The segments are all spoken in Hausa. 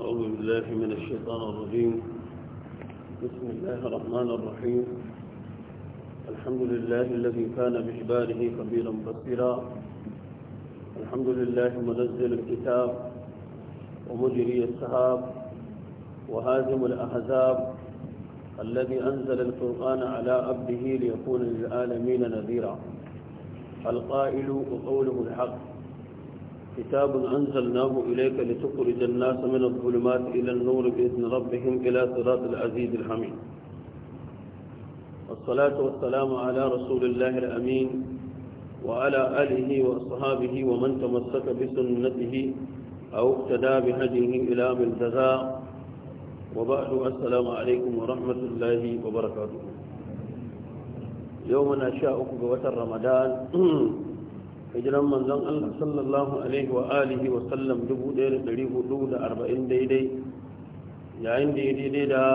أعوذ بالله من الشيطان الرجيم بسم الله الرحمن الرحيم الحمد لله الذي كان بإجباره خبيرا بصيرا الحمد لله منزل الكتاب ومجري السحاب وهازم الأحزاب الذي أنزل القرآن على عبده ليكون للعالمين نذيرا القائل وقوله الحق كتاب أنزلناه إليك لتخرج الناس من الظلمات إلى النور بإذن ربهم إلى صراط العزيز الحميد والصلاة والسلام على رسول الله الأمين وعلى آله وأصحابه ومن تمسك بسنته أو اقتدى بهديه إلى من جزاء وبعد السلام عليكم ورحمة الله وبركاته يوم شاء بوتر رمضان hijiran manzon Allah sallallahu alaihi wa alihi wa sallam 1440 daidai yayin da ya daidai da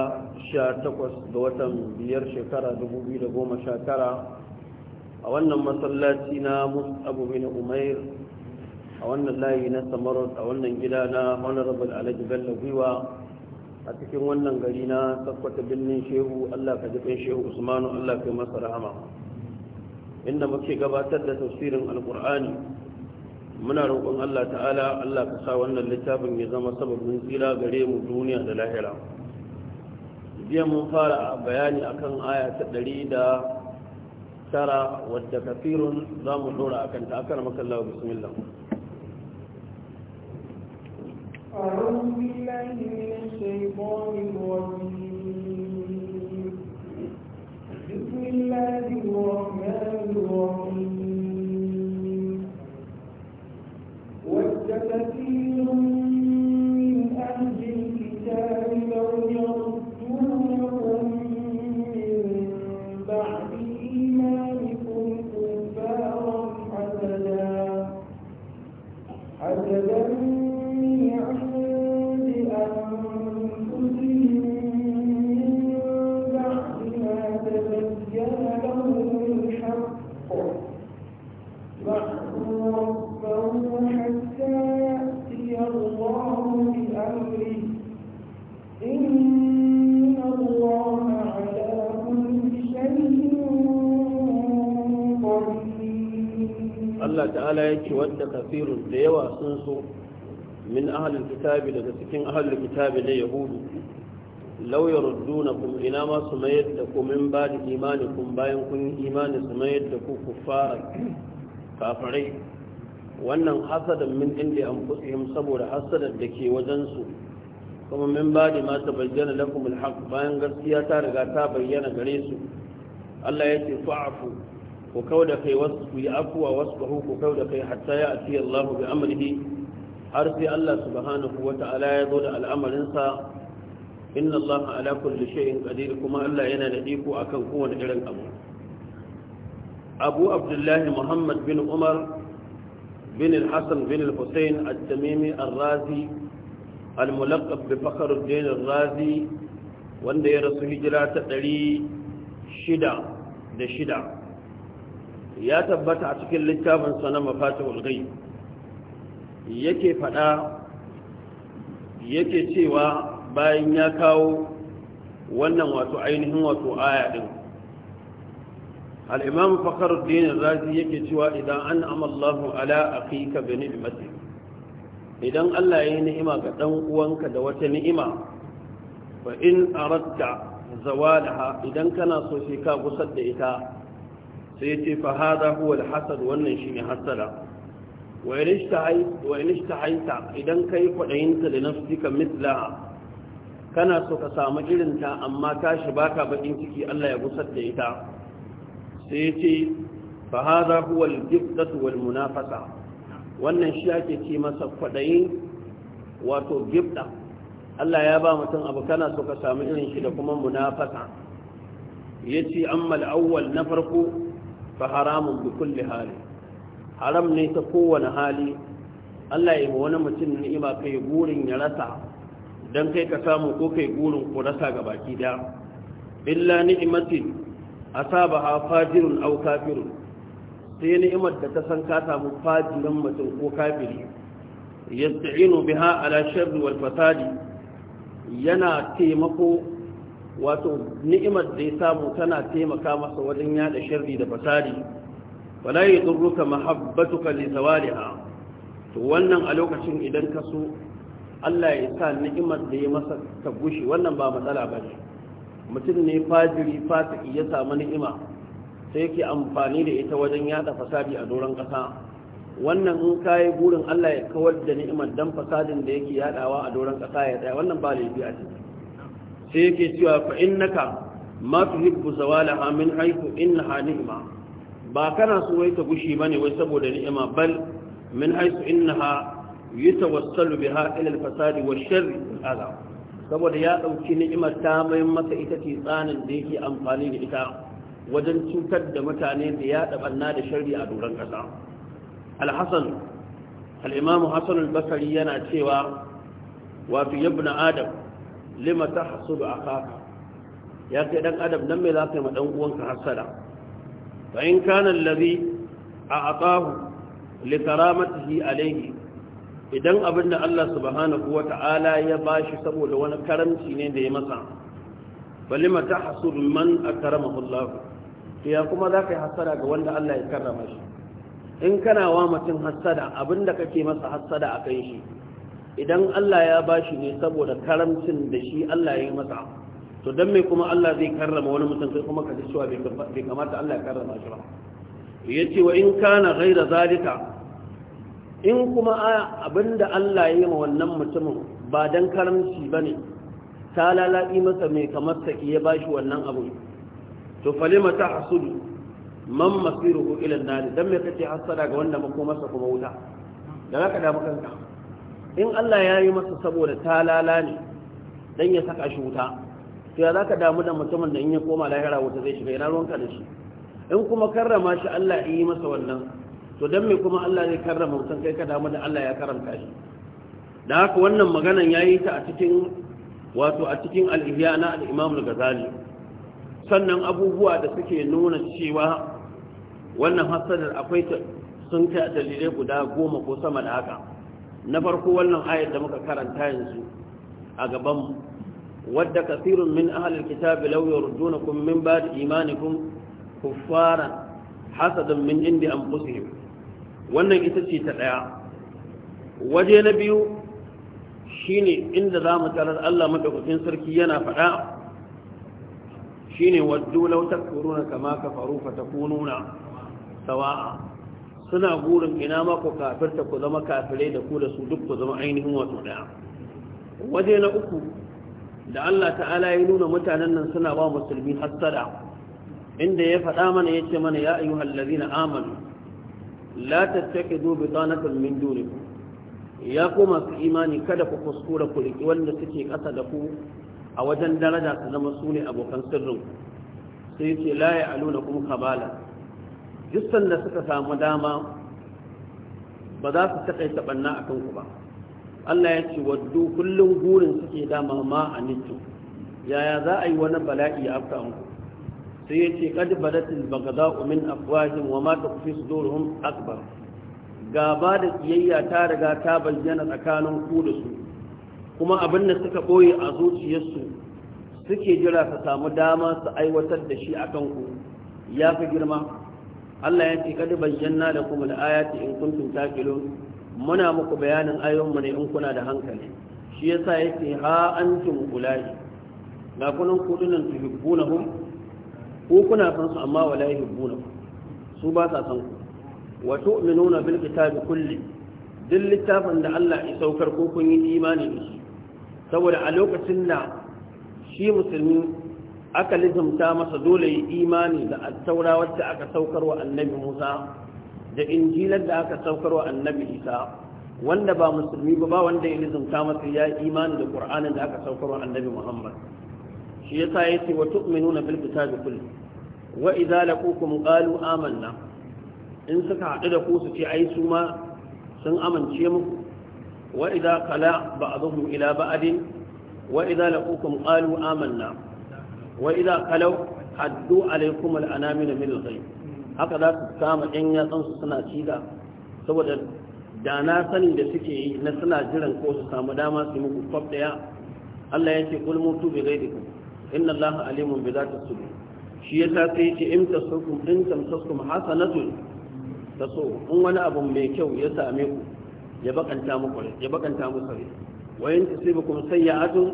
18 ga watan biyar shekara 2019 a wannan masallaci na Mus'ab bin Umair a wannan layi na Samarot a wannan gida na Honorable Alhaji Bello Gwiwa a cikin wannan gari na sakwata birnin shehu Allah ka jikin shehu Usmanu Allah kai masa rahama inda muke gabatar da tafsirin alkur'ani muna roƙon Allah ta'ala Allah ka sa wannan littafin ya zama sababin tsira gare mu duniya da lahira jiya mun fara bayani akan aya ta ɗari da tara wadda kafirun za mu dora kan ta akan makallawa bismillah أعوذ بالله من anfusakum ina ma su mayar da ku min ba da imanikum bayan kun yi imani su mayar da ku kuffara kafirai wannan hasadan min inda mu saboda hasadan da ke wajensu. kuma min ba da ma bayyana lakum alhaq bayan gaskiya ta riga ta bayyana gare su Allah ya ce fa'afu ku kau da kai wasu ku yi afuwa wasu ku kau da kai hatta ya ati Allah bi amrihi har sai Allah subhanahu wata'ala ya zo da al'amarinsa inna allaha ala kulli shay'in qadir kuma Allah yana da iko akan kowane irin abu Abu Abdullah Muhammad bin Umar bin al-Hasan bin al-Husayn al-Tamimi razi al-mulaqab bi Fakhruddin razi wanda ya rasu hijira ta 600 da shida ya tabbata a cikin littafin sa na mafatihul ghaib yake fada yake cewa bayan ya kawo wannan wato ainihin wato aya din al-imam fakhruddin razi yake cewa idan an'ama Allahu ala aqika bi ni'mati idan Allah ya yi ni'ima ga 'ɗan uwanka da wata ni'ima fa in aradta zawalaha idan kana so sai ka gusar da ita sai ce fa huwa al-hasad wannan shine hasada wa in ishtahaita idan kai kwadayinta da nafsika mitla kana so ka samu irinta amma tashi baka bakin ciki Allah ya gusar da ita sai ya ce fa hadha huwa al-gibtatu wal munafasa wannan shi ake ce masa kwadayin wato gibda Allah ya ba mutum abu kana so ka samu irin shi da kuma munafasa yace amma al-awwal na farko fa haramun bi kulli hali haram ne ta kowane hali Allah ya yi wani mutum ni'ima kai burin ya rasa don kai ka samu ko kai burin ko rasa ga baki ɗaya. illa ni'imatin ha fajirun aw kafirun sai ni'imar da ta san ka samu fajiran mutum ko kafiri yasta'inu biha ala sharri wal fasadi yana taimako wato ni'imar da ya samu tana taimaka masa wajen yada sharri da fasadi wala yadurruka mahabbatuka li zawaliha to wannan a lokacin idan ka so Allah ya sa ni'imar da ya masa ta gushe wannan ba matsala ba ne mutum ne fajiri fasiki ya samu ni'ima sai yake amfani da ita wajen yada fasadi a doron ƙasa wannan in kayi burin Allah ya kawar da ni'imar dan fasadin da yake yadawa a doron ƙasa ya tsaya wannan ba laifi a ciki sai yake cewa fa innaka ma tuhibbu zawalaha min haythu innaha ni'ma ba kana so wai ta gushi bane wai saboda ni'ima bal min haythu innaha yatawassalu biha ila al-fasadi wa sharri al saboda ya dauki ni'imar ta mai masa ita ce tsanin da yake amfani da ita wajen cutar da mutane da ya dabanna da sharri a doron kasa al-hasan al-imam hasan al-basri yana cewa wa fi ibn adam lima tahsudu akaka ya kai dan adam dan me za yi ma dan uwanka hasada fa in kana allazi a li karamatihi alayhi idan abin da Allah subhanahu wa ta'ala ya bashi saboda wani karamci ne da ya masa balima ta hasur man a akramahu Allah ya kuma za ka yi hasada ga wanda Allah ya karrama shi in kana wa mutum hasada abin da kake masa hasada a kan shi idan Allah ya bashi ne saboda karamcin da shi Allah ya yi masa to don me kuma Allah zai karrama wani mutum sai kuma ka ji cewa bai kamata Allah ya karrama shi ba yace wa in kana ghaira zalika in kuma abinda Allah ya yi ma wannan mutumin ba dan karamci bane ta lalabi masa mai kamar saki ya bashi wannan abu to falima ta hasudu man masiruhu ila nari dan me kace hasada ga wanda masa kuma wuta da ka da kanka in Allah ya yi masa saboda ta lalani dan ya saka shi wuta to ya zaka damu da mutumin da in ya koma lahira wuta zai shiga ina ruwanka da shi in kuma karrama shi Allah ya yi masa wannan to dan me kuma Allah zai karrama mutum kai ka damu da Allah ya karanta shi da haka wannan maganan yayi ta a cikin wato a cikin al na al-Imam al-Ghazali sannan abubuwa da suke nuna cewa wannan hasadar akwai ta sun kai dalilai guda goma ko sama da haka na farko wannan ayat da muka karanta yanzu a gaban wadda kasirun min ahlil kitabi law yurdunakum min ba'di imanikum kuffaran hasadan min indi anfusihim wannan ita ce ta ɗaya waje na biyu shine inda za mu tarar Allah madaukakin sarki yana faɗa shine waddu law takfuruna kama ka faru kafaru fatakununa sawa'a suna gurin ina ma ku kafirta ku zama kafirai da ku da su duk ku zama ainihin wato ɗaya? waje na uku da Allah ta'ala ya nuna mutanen nan suna ba musulmi hassada. inda ya faɗa mana ya ce mana ya ayyuhal ladina amanu la tattakidu bitanatan min dunikum ya ku masu imani kada ku kuskura ku riki wanda suke kasa da ku a wajen daraja su zama su abokan sirrin sai ce la ya aluna kuma kabala duk da suka samu dama ba za su taƙaita ɓanna a kanku ba Allah ya ce waddu kullum gurin suke dama ma a yaya za a yi wani bala'i ya afka muku sai ya ce kadi badatil bagda'u umin afwahihim wa ma tukfi sudurhum akbar gaba da kiyayya ta riga ta bayyana tsakanin ku da su kuma abin da suka koyi a zuciyarsu suke jira su samu dama su aiwatar da shi a kanku. ya fi girma Allah ya ce kadi bayyana da kuma ayati in kuntum taqilun muna muku bayanin ayoyinmu ne in kuna da hankali shi yasa yake ha antum ulai ga kunan kudunan tuhibbunahum ko kuna san su amma wala yuhibbuna su ba sa san ku wa tu'minuna bil kitabi kulli duk littafin da Allah ya saukar ko kun yi imani da shi saboda a lokacin da shi musulmi aka lizumta masa dole yi imani da attaura wacce aka saukar wa annabi Musa da injilar da aka saukar wa annabi Isa wanda ba musulmi ba ba wanda ya lizumta masa ya imani da Qur'anin da aka saukar wa annabi Muhammad shi yasa yace wa tu'minuna bil kitabi kulli wa idza laqukum qalu amanna in suka hadu da ku su ce ai su ma sun amince muku wa idza qala ba'dhum ila ba'din wa idza laqukum qalu amanna wa idza qalu haddu alaykum al anamina min al ghayb haka za su kama ɗan yatsansu suna cida saboda da na sani da suke yi na suna jiran ko su samu dama su yi muku kwaf daya Allah ya ce kul mutu bi ghaibikum inna allaha alimun bi zati sudur shi yasa sai ce in tasukum in tamsasukum hasanatun taso in wani abu mai kyau ya same ku ya bakanta muku ya bakanta muku sai wa in tusibukum sayyi'atun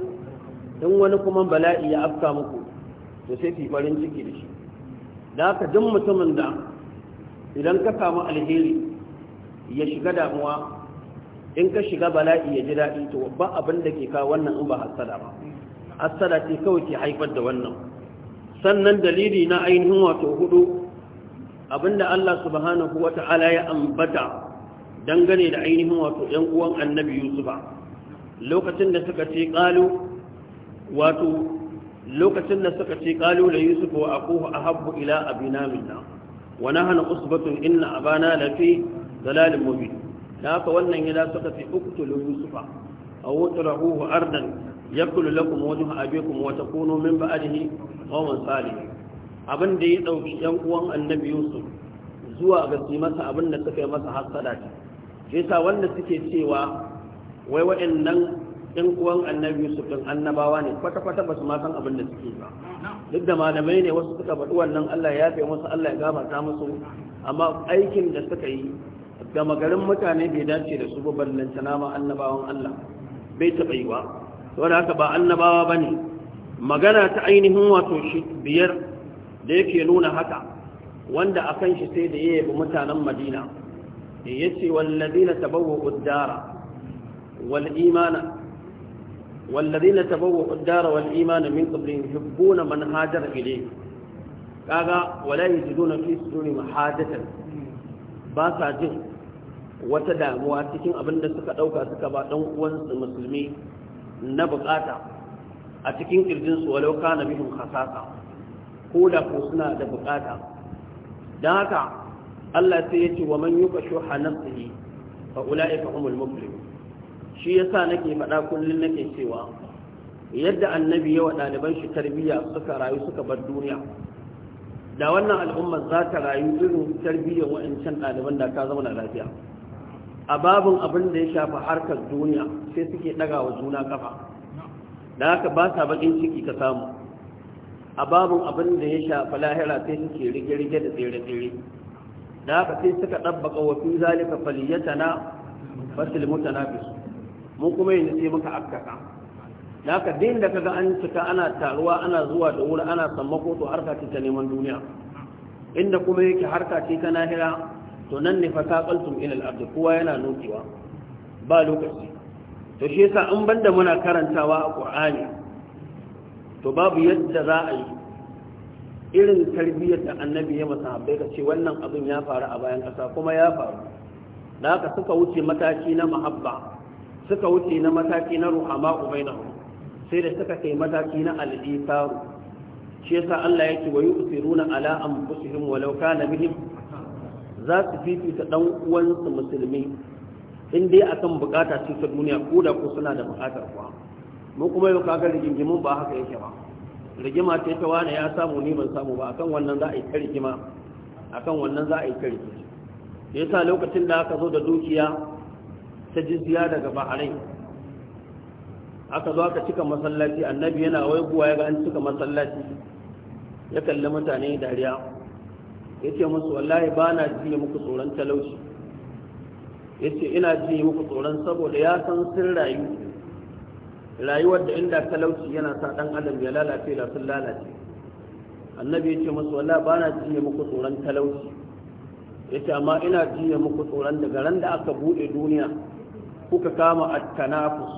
in wani kuma bala'i ya afka muku to sai ki farin ciki da shi da haka duk mutumin da idan ka samu alheri ya shiga damuwa in ka shiga bala'i ya ji daɗi to ba abin da ke kawo wannan in ba hasada ba hassada ce kawai ke haifar da wannan sannan dalili na ainihin wato hudu abinda Allah subhanahu wata'ala ya ambata dangane da ainihin wato 'yan uwan annabi yusufa lokacin da suka ce ƙalu wato lokacin da suka ce ƙalu da yusufa wa akuhu ahabbu ila abina minna wa nahana usbatun inna abana lafi dalalin mubin da haka wannan ya suka ce uktulu a aw utrahuhu ardan yakulu lakum wajhu abikum wa takunu min ba'dihi qawman salih abin da ya dauki yan uwan annabi yusuf zuwa ga su masa abin da suka yi masa hasada ce yasa wanda suke cewa wai waɗannan yan uwan annabi yusuf din annabawa ne kwata kwata ba su ma san abin da suke ba duk da malamai ne wasu suka faɗi wannan Allah ya fi musu Allah ya gafarta musu amma aikin da suka yi gama garin mutane bai dace da su ba ballantana ma annabawan Allah bai taɓa yi ba saboda haka ba annabawa bane magana ta ainihin wato shi biyar da yake nuna haka wanda akan shi sai da ya yabi mutanen Madina yace ce, tabawwa'u ad-dara wal imana والذين تبوؤوا الدار والإيمان من قبلهم يحبون من هاجر إليه كاغا ولا يجدون في صدورهم Ba sa jin wata damuwa cikin abin da suka ɗauka suka ba ɗan uwansu musulmi na bukata a cikin ƙirjin su ka na bihin khasasa ko da ko suna da bukata dan haka Allah sai ya ce wa man yuka shuha nafsihi fa ulaika humul muflihun shi yasa nake faɗa kullun nake cewa yadda annabi ya wa ɗaliban shi tarbiyya suka rayu suka bar duniya da wannan al'ummar za ta rayu irin tarbiyyar wa'ancan ɗaliban da ta zama na lafiya a babin abin da ya shafa harkar duniya sai suke daga wa juna kafa da haka ba sa bakin ciki ka samu a babin abin da ya shafa lahira sai suke rige-rige da tsere-tsere da haka sai suka ɗabbaka wa fin zalika faliyata na fasil su mu kuma yi nufi muka akkaka da haka din da kaga an cika ana taruwa ana zuwa da wuri ana sammako to harka ce ta neman duniya inda kuma yake harka ce ta lahira to nan ne fa taqaltum ila al-ard kowa yana nokewa ba lokaci to shi yasa an banda muna karantawa a Qur'ani to babu yadda za a yi irin tarbiyyar da annabi ya masahabbai ka ce wannan abin ya faru a bayan ƙasa kuma ya faru da haka suka wuce mataki na mahabba suka wuce na mataki na ruhama sai da suka kai mataki na al shi yasa Allah yake wa yusiruna ala anfusihim walau kana bihim za su fifita ɗan uwansu musulmi in dai akan bukata su ta duniya ko da ko suna da bukatar kuwa mu kuma yau kaga rigingimin ba haka yake ba rigima ce ta wani ya samu ni samu ba akan wannan za a yi ta rigima akan wannan za a yi ta rigima sa lokacin da aka zo da dukiya ta jizya daga bahrain aka zo aka cika masallaci annabi yana waibuwa ya ga an cika masallaci ya kalli mutane dariya yace musu wallahi ba na ji muku tsoron talauci yace ina ji muku tsoron saboda ya san sun rayu rayuwar da inda talauci yana sa dan adam ya lalace da sun lalace annabi yace musu wallahi ba na ji muku tsoron talauci yace amma ina ji muku tsoron daga ran da aka bude duniya kuka kama at-tanafus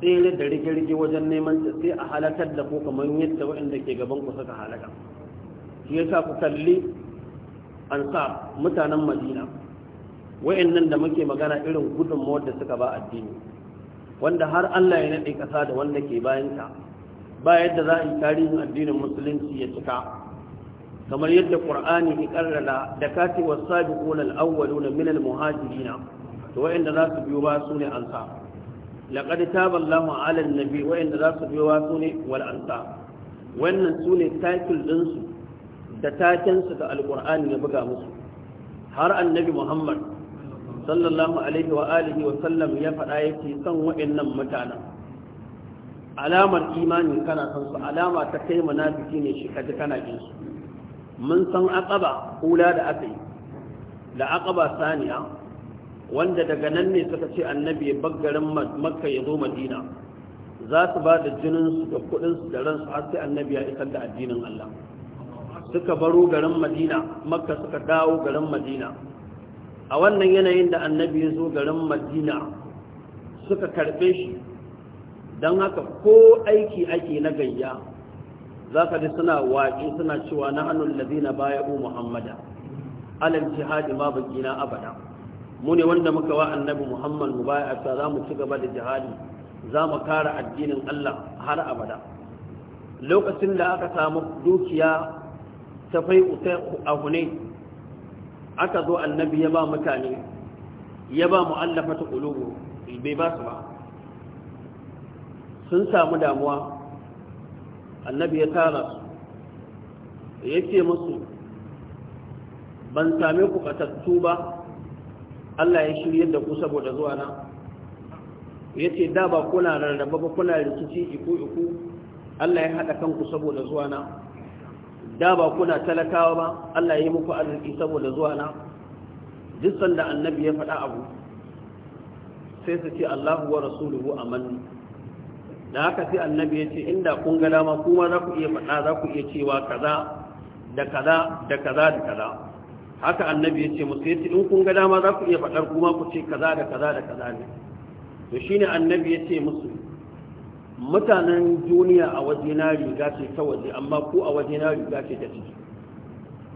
tsere da rige-rige wajen neman ta sai a halakar da ku kamar yadda waɗanda ke gaban ku suka halaka shi sa ku kalli ansa mutanen madina nan da muke magana irin gudunmawar da suka ba addini wanda har Allah ya nade ƙasa da wanda ke bayanta, ba yadda za a yi tarihin addinin musulunci ya cika kamar yadda qur'ani ya karrara da kati wasabiquna al-awwaluna na minal muhajirina to wa'inda za su biyo ba su ne ansa laqad taba Allahu 'ala an-nabi wayanda za su biyo ba su ne wal ansa wannan su ne title din da takensu da alƙur'ani ya buga musu har annabi muhammad sallallahu alaihi wa alihi wa sallam ya faɗa yake son waɗannan mutanen alamar imani kana son su alama ta kai munafiki ne shi kaji kana kin su mun san aqaba kula da aka yi da aqaba saniya wanda daga nan ne suka ce annabi ya baggarin makka ya zo madina za su ba da jinin su da kudin su da ransu har sai annabi ya isar da addinin Allah suka baro garin madina makka suka dawo garin madina a wannan yanayin da annabi ya zo garin madina suka karbe shi don haka ko aiki ake na gayya za ka ji suna waƙi suna cewa na hannun lazina baya u muhammada alal jihadi ma bakina abada mu ne wanda muka wa annabi muhammad mu baya a za mu ci gaba da jihadi za mu kara addinin allah har abada lokacin da aka samu dukiya ta fai a hune aka zo annabi ya ba mutane ya ba mu'allafa ta ƙulubu bai ba su ba sun samu damuwa annabi ya tara su ya ce musu ban same ku ƙatattu ba Allah ya shirya da ku saboda zuwa na ya ce da ba kuna rarraba ba kuna rikici iku iku Allah ya haɗa kanku saboda zuwa na da ba kuna talakawa ba Allah ya yi muku arziki saboda zuwa na duk sanda annabi ya faɗa abu sai su ce Allahu wa rasuluhu amanni. da haka sai annabi ya ce inda kun ga dama kuma za ku iya faɗa za ku iya cewa kaza da kaza da kaza da kaza haka annabi ya ce musu ya ce in kun ga dama za ku iya faɗar kuma ku ce kaza da kaza da kaza ne to shine annabi ya ce musu mutanen duniya a waje na riga ce ta waje amma ko a waje na riga ce ta ciki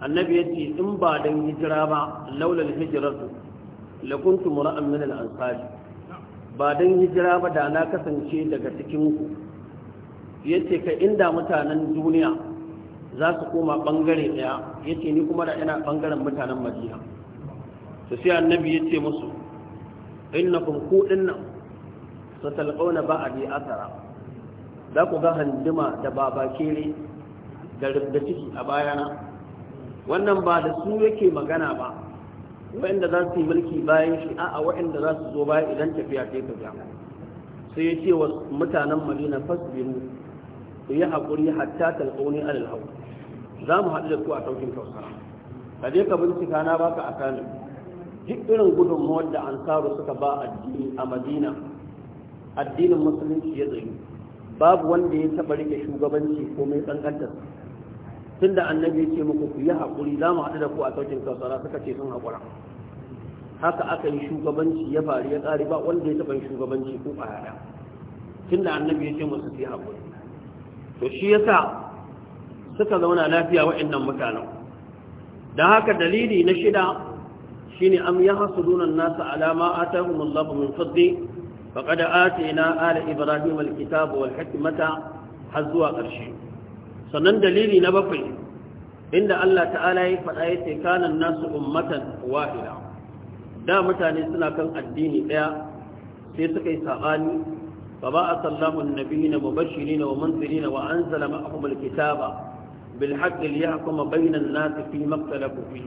annabi ya ce in ba dan hijira ba laulal hijiratu la mura'an min ansari ba dan hijira ba da na kasance daga cikin ku yace ka inda mutanen duniya za su koma bangare daya yace ni kuma da ina bangaren mutanen madina to sai annabi ya yace musu innakum ku dinnan satalqawna ba'di asara za ku ga handima da babakere da rubda ciki a bayana wannan ba da su yake magana ba Waɗanda za su yi mulki bayan shi a'a waɗanda za su zo bayan idan tafiya ta tafiya sai ya ce wa mutanen madina fasbiru ku yi haƙuri hatta talƙauni alal hau za mu haɗu da ku a saukin kausara ka je ka bincika na baka a kanu duk irin gudunmawar da ansaru suka ba addini a madina addinin musulunci ya tsayu babu wanda ya taɓa rike shugabanci ko mai tsankantar tun da annabi ce muku ku yi haƙuri za mu haɗu da ku a saukin kausara suka ce sun haƙura haka aka yi shugabanci ya faru ya ƙare ba wanda ya taɓa shugabanci ko ƙwaya tun da annabi ya ce musu su yi haƙuri to shi yasa suka zauna lafiya waɗannan mutanen da haka dalili na shida shine am yahsuduna an-nasa ala ma atahumullahu min fadli فقد آتينا آل إبراهيم الكتاب har zuwa قرشي sannan dalili na bakwai inda Allah ta'ala ya faɗa ya ce kanan nasu ummatan wahida da mutane suna kan addini ɗaya sai suka yi saɓani fa ba a sallamun nabiyina mubashirina wa munzirina wa anzala ma'ahum alkitaba bil haqqi liyahkuma bainan nas fi maktalafu fi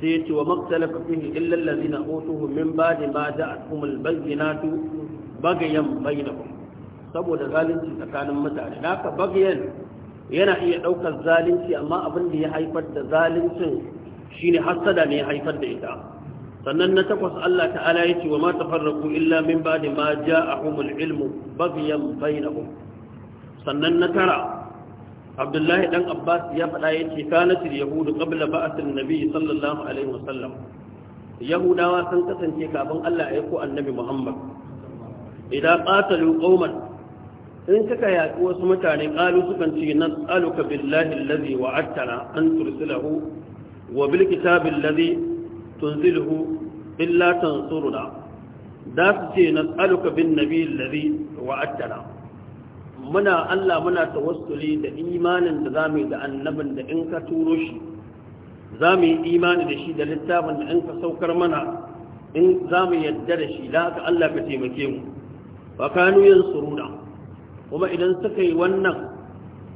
sai yace wa maktalafu fihi illa allazina utuhu min ba'di ma ja'atuhum albayyinatu bagayen bainahum saboda zalunci tsakanin mutane haka bagayen yana iya ɗaukar zalunci amma abin da ya haifar da zaluncin shine hasada ne ya haifar da ita sannan na takwas Allah ta'ala ya ce wa ma tafarraqu illa min ba'di ma ja'ahumul ilmu baghyan bainahum sannan na tara abdullahi dan abbas ya faɗa ya ce kanatil yahudu kabla ba'athin nabi sallallahu alaihi wasallam yahudawa sun kasance kafin Allah ya ko annabi muhammad idan qatalu qauman in suka yaƙi wasu mutane ƙalu sukan ce nan tsaluka billahi allazi wa'adtana an tursilahu wa bil kitabi allazi tunzilhu illa tansuruna da su ce na tsaluka bin nabi allazi wa'adtana muna Allah muna tawassuli da imanin da zamu da annabin da in ka turo shi za mu yi imani da shi da littafin da in ka saukar mana in za mu yadda da shi da haka Allah ka taimake mu fa kanu yansuruna kuma idan suka yi wannan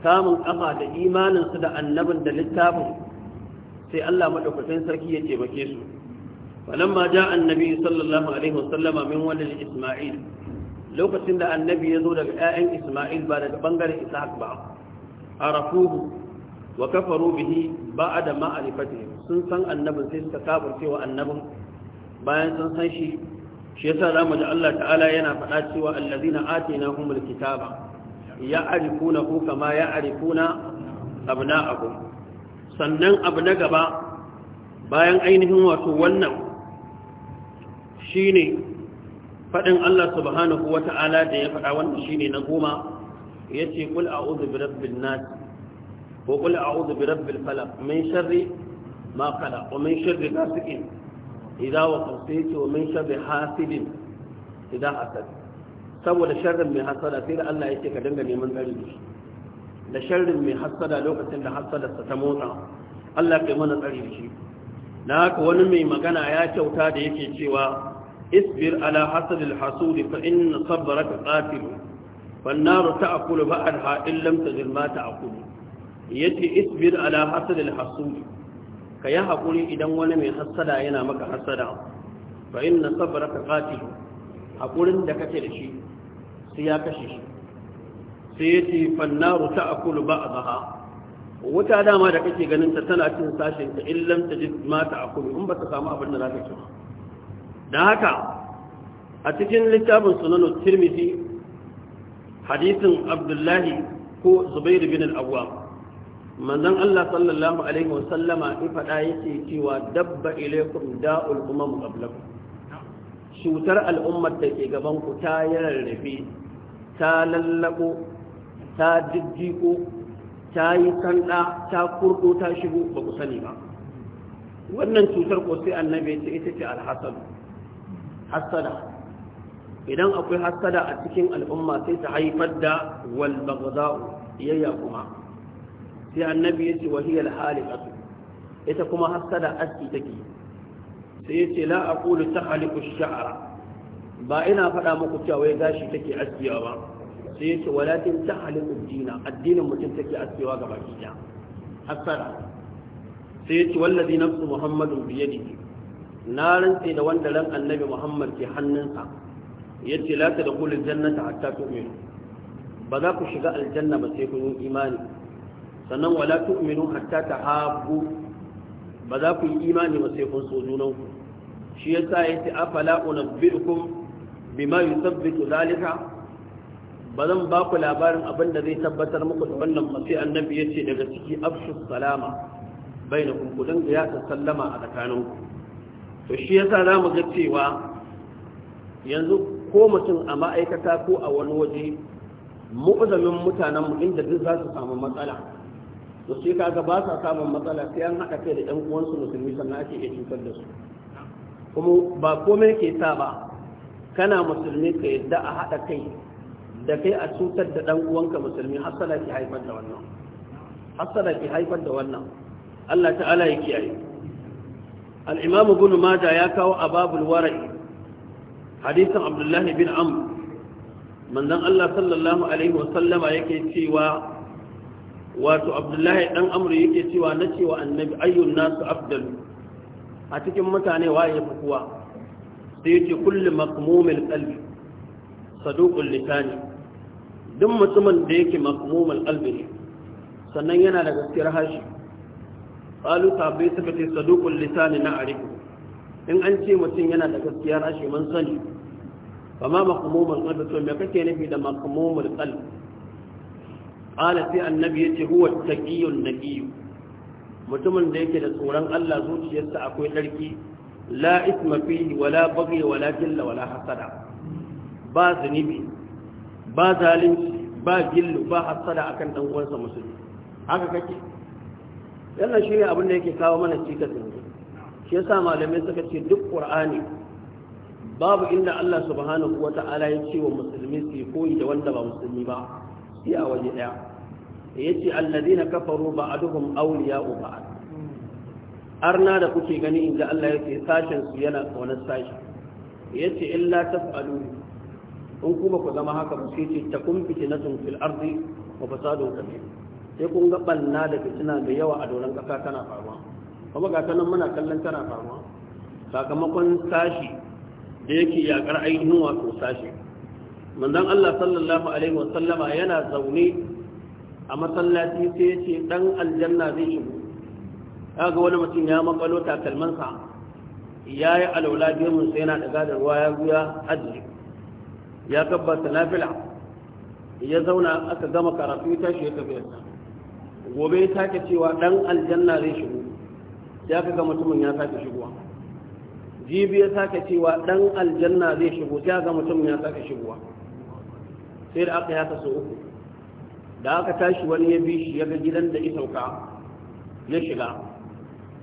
kamun kafa da imaninsu da annabin da littafin sai Allah madaukakin sarki ya taimake su ma ja annabi sallallahu alaihi wasallama min walid isma'il lokacin da annabi ya zo daga 'ya'yan isma'il ba daga bangaren ishaq ba arafuhu wa kafaru bihi ba'da ma'rifatihi sun san annabin sai suka kafirce wa annabin bayan sun san shi shi yasa mu ji Allah ta'ala yana faɗa cewa allazina atainahumul kitaba ya'rifuna ku abu na abu. sannan abu na gaba bayan ainihin wato wannan shi ne faɗin Allah subhanahu Ta'ala da ya faɗa wannan ne na goma yace qul a'udhu birabbin nas ko qul a'udhu birabbil falaq min shirri ma kala, wa min sharri ghasiqin idza wa qasaytu min shabi hasidin idza hasad saboda sharrin mai hasada sai da Allah yake ka dinga neman tsari da shi da sharrin mai hasada lokacin da hasadarsa ta motsa Allah kai mana tsari da shi na haka wani mai magana ya kyauta da yake cewa isbir ala hasadil hasudi fa inna sabraka qatil wan nar ta'kulu ba'daha illam tajil ma ta'kulu yace isbir ala hasadil hasudi ka yi haƙuri idan wani mai hassada yana maka hassada ba yin na ka ƙati haƙurin da kake da shi sai ya kashe shi sai ya ce fannaru ta ba a baha. wuta dama da kake ganin ta tana cin sashen ta illan ta ji mata in ba ta samu abin da za ta ci don haka a cikin littafin sunan tirmidhi hadisin abdullahi ko zubairu bin al manzon Allah sallallahu alaihi wasallama in faɗa yake cewa dabba ilaikum da'ul umam qablakum cutar al'ummar da ke gabanku ku ta yararrafe ta lallako ta jijjiko ta yi sanda ta kurdo ta shigo ba ku sani ba wannan cutar ko sai annabi ta ita ce alhasad idan akwai hassada a cikin al'umma sai ta haifar da wal baghdha yayya kuma sai annabi ya ce wahiyar halin asu ita kuma hassada aski take sai ya ce la'akulu ta haliku sha'ara ba ina faɗa muku cewa ya gashi take askiya ba sai ya ce walatin ta haliku dina addinin mutum take askiwa ga baki ɗaya hassada sai ya ce wallazi nafsu muhammadun biyadihi na rantse da wanda ran annabi muhammad ke hannunsa ya ce la ta da kulin jannata hatta tu'minu ba za ku shiga aljanna ba sai kun yi imani sannan wala tu'minu hatta tahabbu ba za ku yi imani ba sai kun so junan ku shi yasa yace afala unabbiukum bima yuthabbitu zalika ba zan ba ku labarin abin da zai tabbatar muku da wannan masu annabi yace daga ciki afshu salama bainakum ku dinga ta sallama a tsakaninku to shi yasa za mu ga cewa yanzu ko mutum a ma'aikata ko a wani waje mu'azamin mutanenmu inda duk za su samu matsala to sai kaga ba sa samun matsala sai an haɗa kai da 'yan uwansu musulmi sannan ake iya cutar da su kuma ba komai ke sa ba kana musulmi ka yadda a haɗa kai da kai a cutar da ɗan uwanka musulmi hasala ke haifar da wannan hasala ke haifar da wannan Allah ta'ala ya kiyaye al-imam ibn majah ya kawo ababul wara'i hadisin abdullah bin amr manzon Allah sallallahu alaihi wa sallama yake cewa wato abdullahi dan amru yake cewa na cewa annabi ayyun nasu afdal a cikin mutane waye ya fi kuwa sai yake kullu makmumil qalbi saduqul lisani duk mutumin da yake makmumul qalbi ne sannan yana da gaskiyar hashi qalu tabi suka ce saduqul lisani na arifu in an ce mutum yana da gaskiyar hashi mun sani amma makmumul qalbi to me kake nufi da makmumul qalbi qala sai annabi yace huwa taqiyun naqiyyu mutumin da yake da tsoron Allah zuciyarsa akwai ɗarki. la isma fihi wala baghi wala jilla wala hasada ba zunubi ba zalunci ba gillu ba hasada akan dan uwansa musulmi haka kake wannan shine abin da yake kawo mana cikas yanzu shi yasa malamai suka ce duk qur'ani babu inda Allah subhanahu wata'ala ya ce wa musulmi su koyi da wanda ba musulmi ba sai a waje ɗaya ya ce allazina kafaru ba'aduhum awliya'u ba'd arna da kuke gani inda Allah yake sashen su yana kaunar sashi Ya yace illa taf'alu in kuma ku zama haka ba sai ce takum na fil ardi wa fasadun kabir sai kun ga banna da fitina da yawa a doron kasa tana faruwa kuma ga sanan muna kallon tana faruwa sakamakon sashi da yake yakar ainihin wato sashi manzon Allah sallallahu alaihi wasallama yana zaune a masallaci sai ya ce ɗan aljanna zai shigo kaga wani mutum ya makalo takalmansa ya yi alaula gemun sai yana daga da ruwa ya guya ajiye ya tabbata na fila. ya zauna aka gama karatu ya shi ya tafi gobe ya sake cewa ɗan aljanna zai shigo ya ga mutumin ya sake shigowa jibi ya sake cewa ɗan aljanna zai shigo ya ga mutumin ya sake shigowa sai da aka yaka sau uku da aka tashi wani ya bi shi ya ga gidan da isauka ya shiga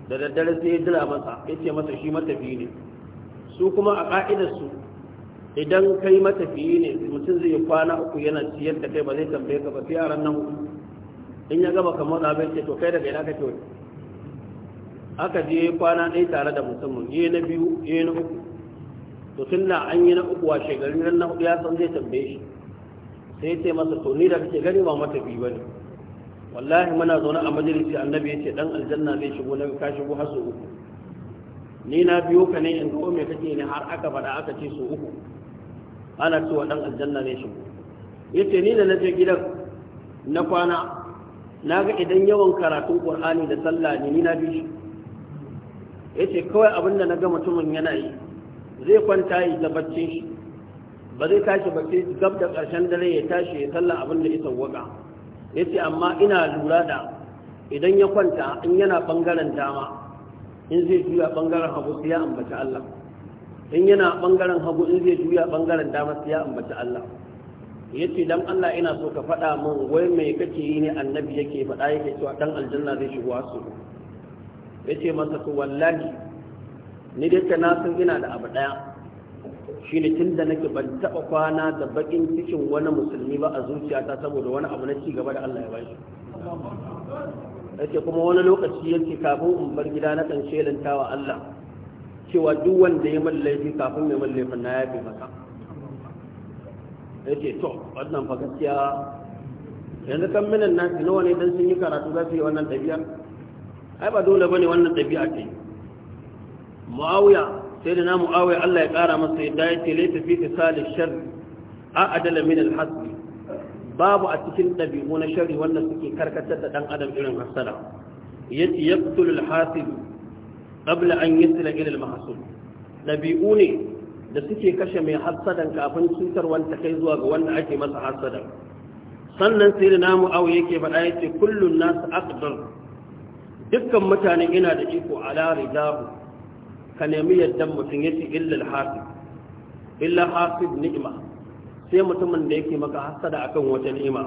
da daddare sai ya dira masa ya ce masa shi matafi ne su kuma a ƙa'idarsu idan kai matafiyi ne mutum zai kwana uku yana ciyar da kai ba zai tambaye ka ba sai a ran hudu in ya gaba kamar bai ce to kai daga ina kake wani aka je kwana ɗaya tare da musamman ya na biyu yi na uku to tun da an yi na uku wa shekaru ran na hudu ya san zai tambaye shi sai ce masa to ni da kake gani ba mata ba ne wallahi muna zaune a majalisi annabi yace ce dan aljanna zai shigo na ka shigo har su uku ni na biyo ka ne in ko me kake ne har aka faɗa aka ce su uku ana cewa dan aljanna zai shigo ya ce ni da na je gidan na kwana na ga idan yawan karatun qur'ani da sallah ne ni na bi shi ya ce kawai abin da na ga mutumin yana yi zai kwanta yi ta baccin shi ba zai tashi ba sai gab da ƙarshen dare ya tashi ya salla abin da isa waka ya ce amma ina lura da idan ya kwanta in yana ɓangaren dama in zai juya ɓangaren hagu sai ya ambaci Allah in yana ɓangaren hagu in zai juya ɓangaren dama sai ya ambaci Allah ya ce dan Allah ina so ka faɗa min wai mai kake yi ne annabi yake faɗa yake cewa dan aljanna zai shigo su ya ce masa to wallahi ni dai na san ina da abu ɗaya shine da nake ban taba kwana da bakin cikin wani musulmi ba a zuciyata saboda wani abu na ci gaba da Allah ya bashi yace kuma wani lokaci yace kafin in bar gida na kan shelanta wa Allah cewa duk wanda ya min laifi kafin ya min laifin na yafi maka yace to wannan fa gaskiya yanzu kan minan nan nawa ne dan sun yi karatu za su yi wannan ɗabi'a ai ba dole bane wannan ɗabi'a ce muawiya sai da namu awai Allah ya ƙara masa ya ce laifin fi tisali shar a adala min alhasbi babu a cikin ɗabi'u na shari wanda suke karkatar da ɗan adam irin hasada yace yaqtul alhasib qabla an yi yasila irin almahsul ɗabi'u ne da suke kashe mai hassadan kafin cutar wanda kai zuwa ga wanda ake masa hasadan sannan sai da namu awai yake faɗa yace kullun nas aqdar dukkan mutane ina da iko ala ridahu ka nemi yaddan mutum yace illal hasib illa hasib ni'ima sai mutumin da yake maka hasada akan wata ni'ima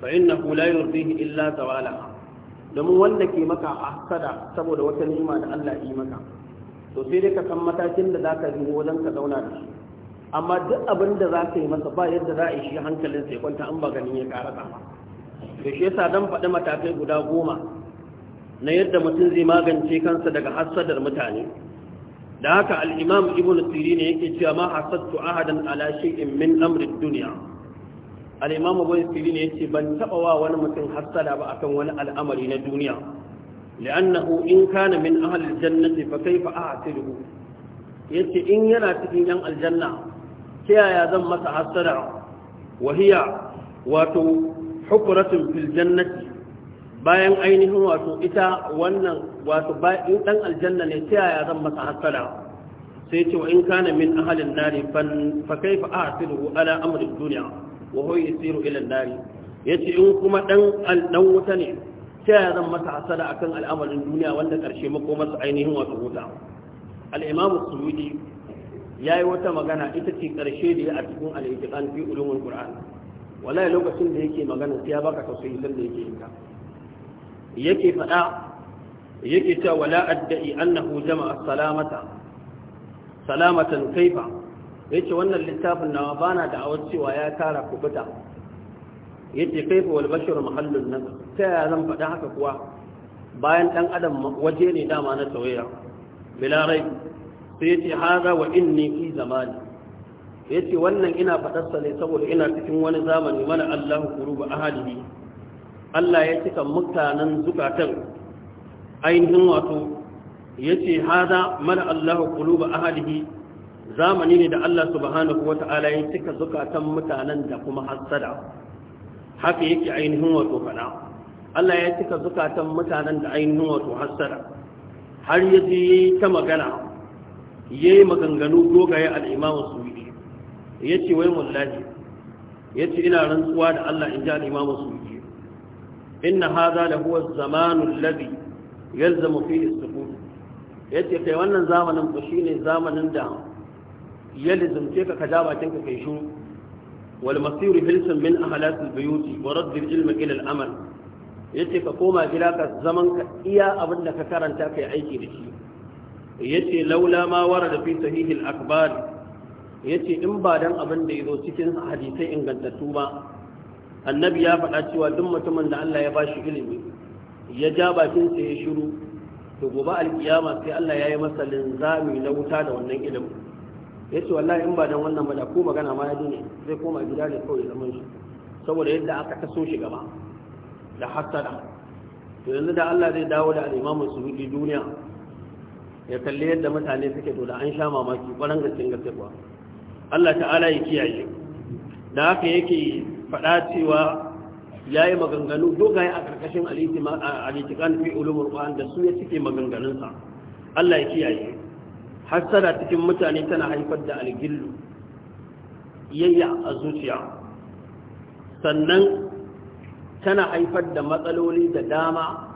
fa innahu la yurdihi illa zawalaha domin wanda ke maka hasada saboda wata ni'ima da Allah yi maka to sai dai ka san matakin da zaka yi wajen ka zauna da shi amma duk abin da za ka yi masa ba yadda za a yi shi hankalin sai kwanta an ba ganin ya ƙara ba da shi yasa dan faɗi matakai guda goma na yadda mutum zai magance kansa daga hassadar mutane da haka al'imam ibn siri ne yake cewa ma hasattu ahadan ala shay'in min amrin duniya al'imam ibn siri ne yake ban taɓa wa wani mutum hassada ba akan wani al'amari na duniya li'annahu in kana min ahli aljannati fa kaifa ahsiduhu yace in yana cikin yan aljanna ta yaya zan masa hassada wa hiya wato hukratun fil jannati bayan ainihin wato ita wannan wato in dan aljanna ne ta yaya zan masa hasala sai ce wa in kana min ahalin nari fa kaifa ahsilu ala amri dunya wa huwa yasiru ila nari yace in kuma dan dan wuta ne ta yaya zan masa hasala akan al'amarin duniya wanda karshe mako masa ainihin wato wuta al-imamu suyudi yayi wata magana ita ce karshe da ya a cikin al-itiqan fi ulumul qur'an wallahi lokacin da yake magana sai ya baka tausayi da yake yin ta yake faɗa yake ta wala adda'i annahu jama'a salamata salamatan kaifa yace wannan littafin nawa bana da awar cewa ya tara kubuta yace kaifa wal bashar mahallun nan. ta ya zan faɗa haka kuwa bayan dan adam waje ne dama na tawaya Bilarai. rai sai yace hada wa inni fi zamani yace wannan ina faɗarsa ne saboda ina cikin wani zamani mana Allahu quruba ahadihi Allah ya cika mutanen zukatan ainihin wato ya ce haza mara Allah kuluba ahadihi zamani ne da Allah subhanahu wa ta'ala ya cika zukatan mutanen da kuma hassada haka yake ainihin wato fada Allah ya cika zukatan mutanen da ainihin wato hassada har ya je ta magana ya yi maganganu dogaye al'imamun suwidi ya ce wai mullahi ya ce ina rantsuwa da Allah in ji al'imamun suwidi inna hadha da huwa az-zamanu alladhi yalzamu fihi as-sukut yace kai wannan zamanin ku shine zamanin da ya ce ka kaja bakin ka kai shu wal masir hilsan min ahlas al-buyut wa radd al-ilm ila al-amal yace ka koma gida ka zaman ka iya abin da ka karanta kai aiki da shi yace laula ma warada fi sahih al-akbar yace in ba dan abin da yazo cikin hadisai ingantattu ba annabi ya faɗa cewa duk mutumin da Allah ya ba shi ilimi ya ja bakin sa ya shiru to gobe alkiyama sai Allah ya yi masa linzami na wuta da wannan ilimin yace wallahi in ba dan wannan ba da ko magana ma ya ne zai koma gida ne kawai zaman shi saboda yadda aka kaso shi gaba da hasada to yanzu da Allah zai dawo da alimamin su hudu duniya ya kalli yadda mutane suke to da an sha mamaki ƙwarar gaske gaske Allah ta'ala ya kiyaye da haka yake faɗa cewa ya yi maganganu dogaye a ƙarƙashin alitikan fi ulumar ƙwa'an da su ya cike maganganunsa Allah ya kiyaye hassada cikin mutane tana haifar da algillu yayya a zuciya sannan tana haifar da matsaloli da dama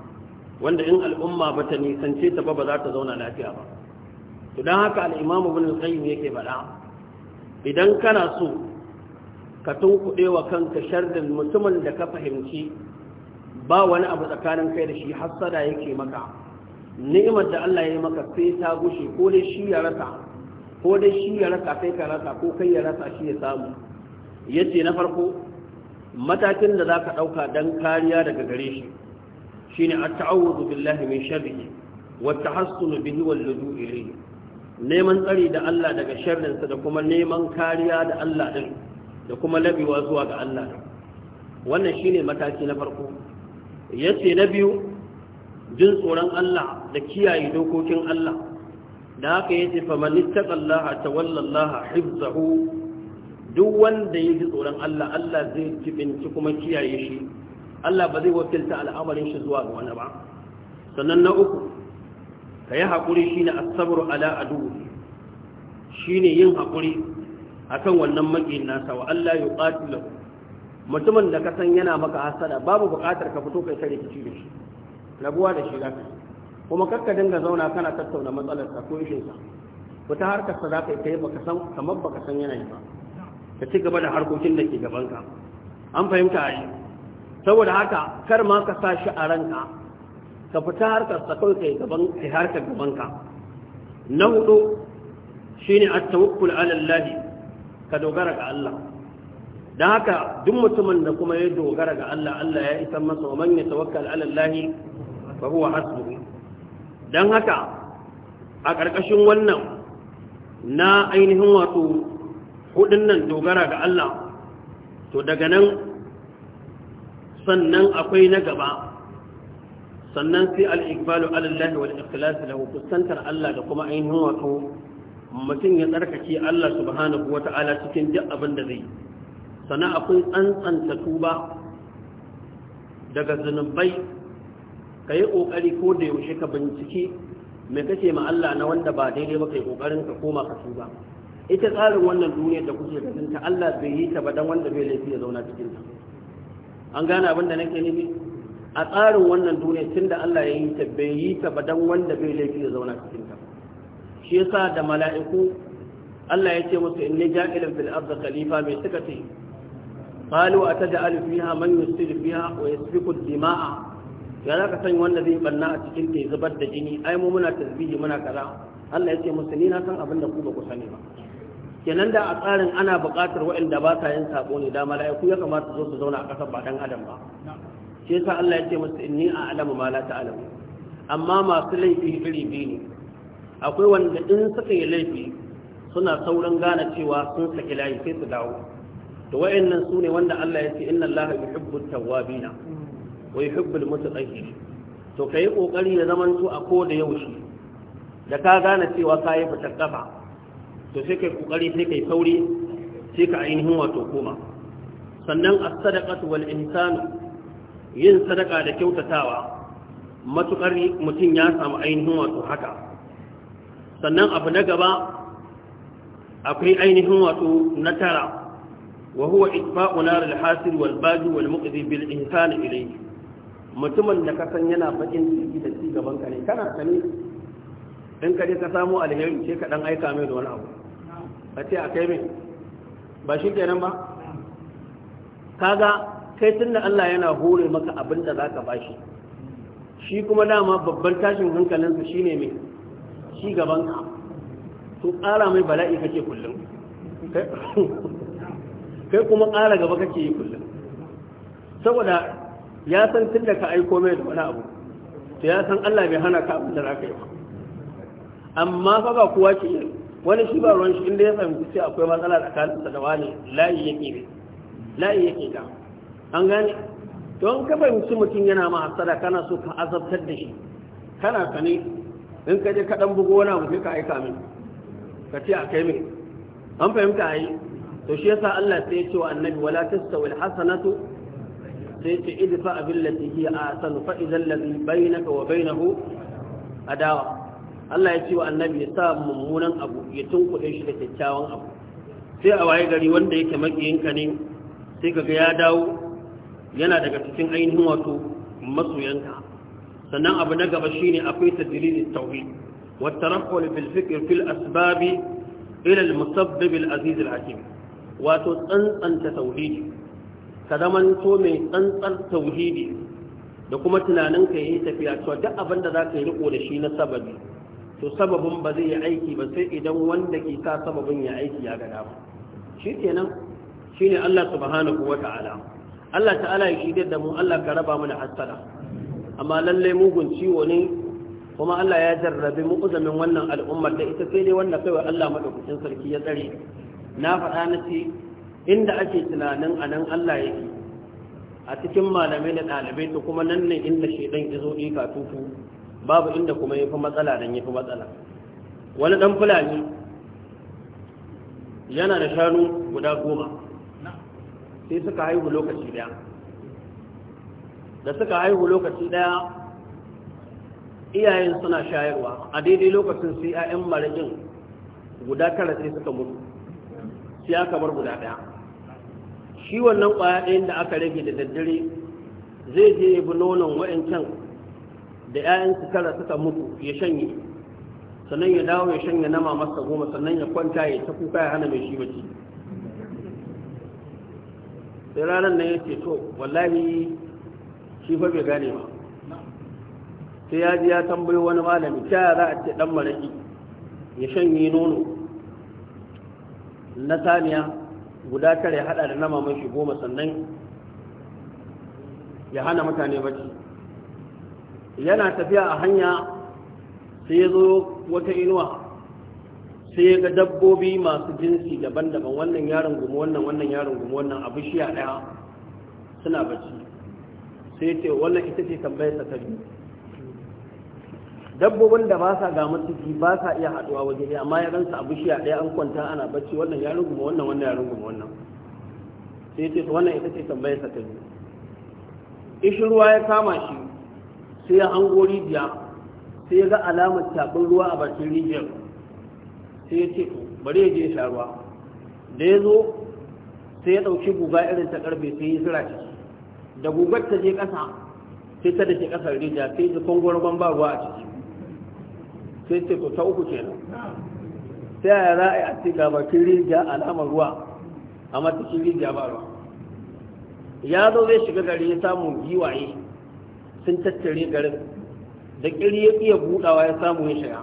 wanda in al'umma ba ta nisance ta ba ba za ta zauna lafiya ba to don haka al'imamu bin qayyim yake faɗa idan kana so ka tunkuɗe wa kanka shardin mutumin da ka fahimci ba wani abu tsakanin kai da shi hassada yake maka ni'imar da Allah ya maka sai ta gushe ko dai shi ya rasa ko dai shi ya rasa kai ka rasa ko kai ya rasa shi ya samu yace na farko matakin da zaka dauka dan kariya daga gare shi shine at-ta'awudu billahi min sharrihi bihi به واللجوء إليه neman tsari da Allah daga sharrinsa da kuma neman kariya da Allah din da kuma labewa zuwa ga Allah wannan shine mataki na farko yace na biyu jin tsoron Allah da kiyaye dokokin Allah da haka yace faman ittaqallaha tawallallaha hifzahu duk wanda ya ji tsoron Allah Allah zai jibinci kuma kiyaye shi Allah ba zai wakilta al'amarin shi zuwa ga wani ba sannan na uku kayi hakuri shine as-sabru ala adu shine yin haƙuri akan wannan maƙiyin nasa wa Allah ya qatilu mutumin da ka san yana maka hasada babu buƙatar ka fito kai tare kici da shi rabuwa da shi zaka kuma kakka dinga zauna kana tattauna matsalar ka ko ishin sa wata harkar sa zaka kai baka san kamar baka san yana yi ba ka ci gaba da harkokin da ke gaban ka an fahimta ai saboda haka kar ma ka sa shi a ranka ka fita harkar sa kai kai gaban kai harkar gaban ka na hudu shine at-tawakkul ala Allah ka dogara ga Allah don haka duk mutumin da kuma ya dogara ga Allah Allah ya isa masa wa man ya tawakkal ala Allah fa huwa hasbuhu don haka a ƙarƙashin wannan na ainihin wato hudun nan dogara ga Allah to daga nan sannan akwai na gaba sannan sai al-iqbalu ala Allah wal ikhlas lahu kusantar Allah da kuma ainihin wato mutum ya tsarkake Allah subhanahu ta’ala cikin duk abin da zai sana akwai tsantsanta tuba daga zunubai ka yi ƙoƙari ko da yaushe ka bincike mai kace ma Allah na wanda ba daidai ba kai ƙoƙarin ka koma ka tuba ita tsarin wannan duniya da kuke ganin ta Allah bai yi ta ba dan wanda bai laifi ya zauna cikin ta an gane abin da nake nufi a tsarin wannan duniya tun da Allah ya yi ta bai yi ta ba don wanda bai laifi ya zauna cikin ta shi yasa da mala'iku Allah ya ce musu inni ja'ilun fil ardi khalifa mai suka ce qalu ataj'alu fiha man yusfiku fiha wa yasfiku dima'a ya za ka san wanda zai banna a cikin ta zubar da jini ai mu muna tasbihi muna kaza Allah ya ce musu ni na san abin da ku ba ku sani ba kenan da a tsarin ana buƙatar waɗanda ba sa yin sabo ne da mala'iku ya kamata zo su zauna a ƙasar ba dan adam ba shi yasa Allah ya ce musu inni a'lamu ma la ta'lamu amma masu laifi iri biyu ne akwai wanda in suka yi laifi suna saurin gane cewa sun saki layi sai su dawo Da wayannan su ne wanda Allah ya ce inna Allah yuhibbu tawwabina wa yuhibbu almutatahhirin to kai kokari ya zaman to a ko da yaushe da ka gane cewa ka yi fitar kafa to sai kai kokari sai kai sauri sai ka ainihin wato koma sannan as-sadaqatu wal ihsanu yin sadaka da kyautatawa matukar mutum ya samu ainihin wato haka sannan abu na gaba akwai ainihin wato na tara wa huwa itfa'u nar al hasir wal baji wal muqdi bil insan ilayhi mutumin da ka san yana bakin ciki da ci gaban ka ne kana sani in ka je ka samu alheri ce ka dan aika mai da wani abu A ce a kai mai ba shi kenan ba kaga kai tunda Allah yana hore maka abin da zaka bashi shi kuma dama babban tashin hankalinsa shine mai shi gaban ka to ƙara mai bala'i kake kullum kai kuma ƙara gaba kake yi kullum saboda ya san tun da ka aiko mai da wani abu to ya san Allah bai hana ka abin da za yi amma fa ba kowa ke yi wani shi ba ruwan shi inda ya fahimci sai akwai matsala da sa da wani layi yake ne layi yake da an gane to an ka fahimci mutum yana ma hasara kana so ka azabtar da shi kana ne. in ka je kaɗan bugu wani abu ka aika min ka ce a kai min an fahimta yi to shi yasa Allah sai ya ce wa annabi wala tastawi alhasanatu sai ce idfa lati hiya ahsanu fa idhal ladhi bainaka wa bainahu adawa Allah ya ce wa annabi ya sa mummunan abu ya tunkuɗe shi da kyakkyawan abu sai a waye gari wanda yake makiyinka ne sai kaga ya dawo yana daga cikin ainihin wato masoyanka sannan abu na gaba shine akwai tadlil tauhid wa taraqqul fil fikr fil asbab ila al-musabbib al-aziz al-hakim wato tsantsanta tauhidi ka mai tsantsan tauhidi da kuma ka yayi tafiya to duk abin da zaka yi riko da shi na sababi to sababin ba zai yi aiki ba sai idan wanda ke sa sababin ya aiki ya gada ba shi kenan shine Allah subhanahu ta'ala. Allah ta'ala ya shidar da mu Allah ka raba mu da amma lalle mugun ciwo ne kuma Allah ya jarrabe mu'uzamin wannan al'umma da ita sai dai wanda kaiwa Allah madaukakin sarki ya tsare na faɗa na ce inda ake tunanin a nan Allah yake a cikin malamai da ɗalibai to kuma nan ne inda shaidan ya zo ɗika tutu babu inda kuma ya fi matsala don ya fi matsala wani ɗan fulani yana da shanu guda goma sai suka haihu lokaci daya da suka haihu lokaci daya iyayen suna shayarwa a daidai lokacin sai 'ya'yan guda tara sai suka mutu sai aka bar guda daya shi wannan kwaya ɗayan da aka rage da daddare zai je ya bi nonon wa'ancan da 'ya'yansu tara suka mutu ya shanye sannan ya dawo ya shanye na mamasta goma sannan ya kwanta ya ta kuka ya hana mai shi bacci sai ranar nan ya ce to wallahi shi fa bai gane ba sai ya ji ya tambayi wani malami ta ya za a ce dan maraƙi ya shanye nono na saniya guda tare hada da nama mai shi goma sannan ya hana mutane bacci yana tafiya a hanya sai ya zo wata inuwa sai ya ga dabbobi masu jinsi daban-daban wannan yaron gumu wannan wannan yaron gumu wannan abu shi a ɗaya suna bacci sai ce wannan ita ce tambayar ta biyu dabbobin da ba sa ga ciki ba sa iya haduwa waje ne amma ya ransa a bishiya a ɗaya an kwanta ana bacci wannan ya ruguma wannan wannan ya ruguma wannan sai ce wannan ita ce tambayar ta biyu ishin ruwa ya kama shi sai ya hango rijiya sai ya ga alamar tabin ruwa a bakin rijiyar sai ya ce bari ya je ya sha ruwa da ya zo sai ya ɗauki guga irin ta ƙarfe sai ya zira ciki da gugar ta je ƙasa sai ta da ke ƙasar rijiya sai ta kongwargon ba ruwa a ciki sai ce ta uku kenan ta sai a yi a ce ga bakin rijiya alamar ruwa a matakin rijiya ba ruwa ya zo zai shiga gari ya samu giwaye sun tattare garin da ƙiri ya iya buɗawa ya samu ya shiga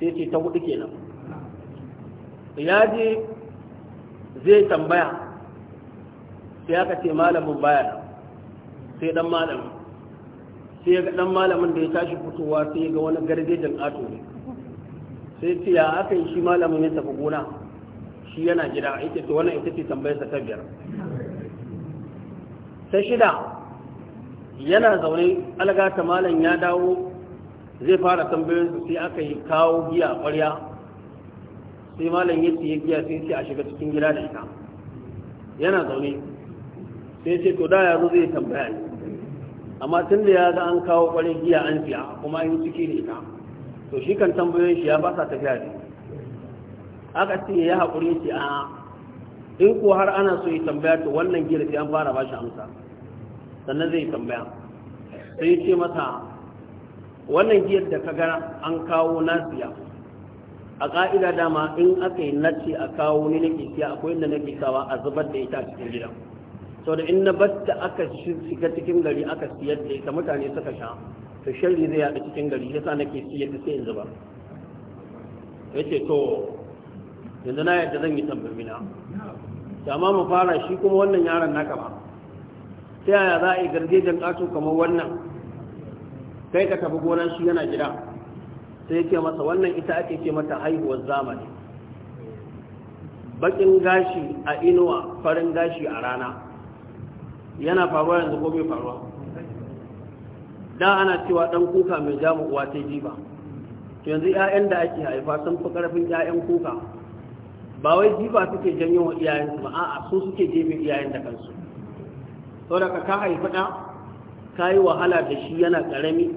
sai ce ta hudu kenan ya je zai tambaya sai aka ce malamin baya sai dan malamin sai ga dan malamin da ya tashi fitowa sai ya ga wani gargajin ato ne sai ce ya aka yi shi malamin ya tafi gona shi yana gida yake to wannan ita ce tambayar sa ta biyar sai shida yana zaune algata malam ya dawo zai fara tambayar sai aka yi kawo giya ƙwarya sai malam ya siya giya sai sai a shiga cikin gida da ita yana zaune sai ce to da ya zo zai tambaya ne amma tun da ya ga an kawo kwarin giya an siya kuma an yi ciki ne ita to shi kan tambayoyin shi ya ba sa tafiya ne aka ce ya haƙuri ce a in ko har ana so ya tambaya to wannan giyar sai an fara ba shi amsa sannan zai tambaya sai ya ce mata wannan giyar da ka gara an kawo na siya a ƙa'ida dama in aka yi nace a kawo ni nake siya akwai inda nake sawa a zubar da ita cikin gidan sau da in na batta aka shiga cikin gari aka siyar da ita mutane suka sha to sharri zai yaɗa cikin gari yasa nake siyar da sai in zuba ya ce to yanzu na yadda zan yi tambayina amma mu fara shi kuma wannan yaron naka ba ta yaya za a yi garjejen kato kamar wannan kai ka tafi gonar shi yana gida sai ce masa wannan ita ake ce mata haihuwar zamani bakin gashi a inuwa farin gashi a rana yana faruwa yanzu ko bai faruwa da ana cewa ɗan kuka mai jamu uwa ta jiba yanzu 'ya'yan da ake haifa sun fi ƙarfin ƴaƴan kuka ba wai jiba suke janyo wa iyayen su ba a'a su suke jefe iyayen da kansu saboda ka ka haifa da ka yi wahala da shi yana ƙarami,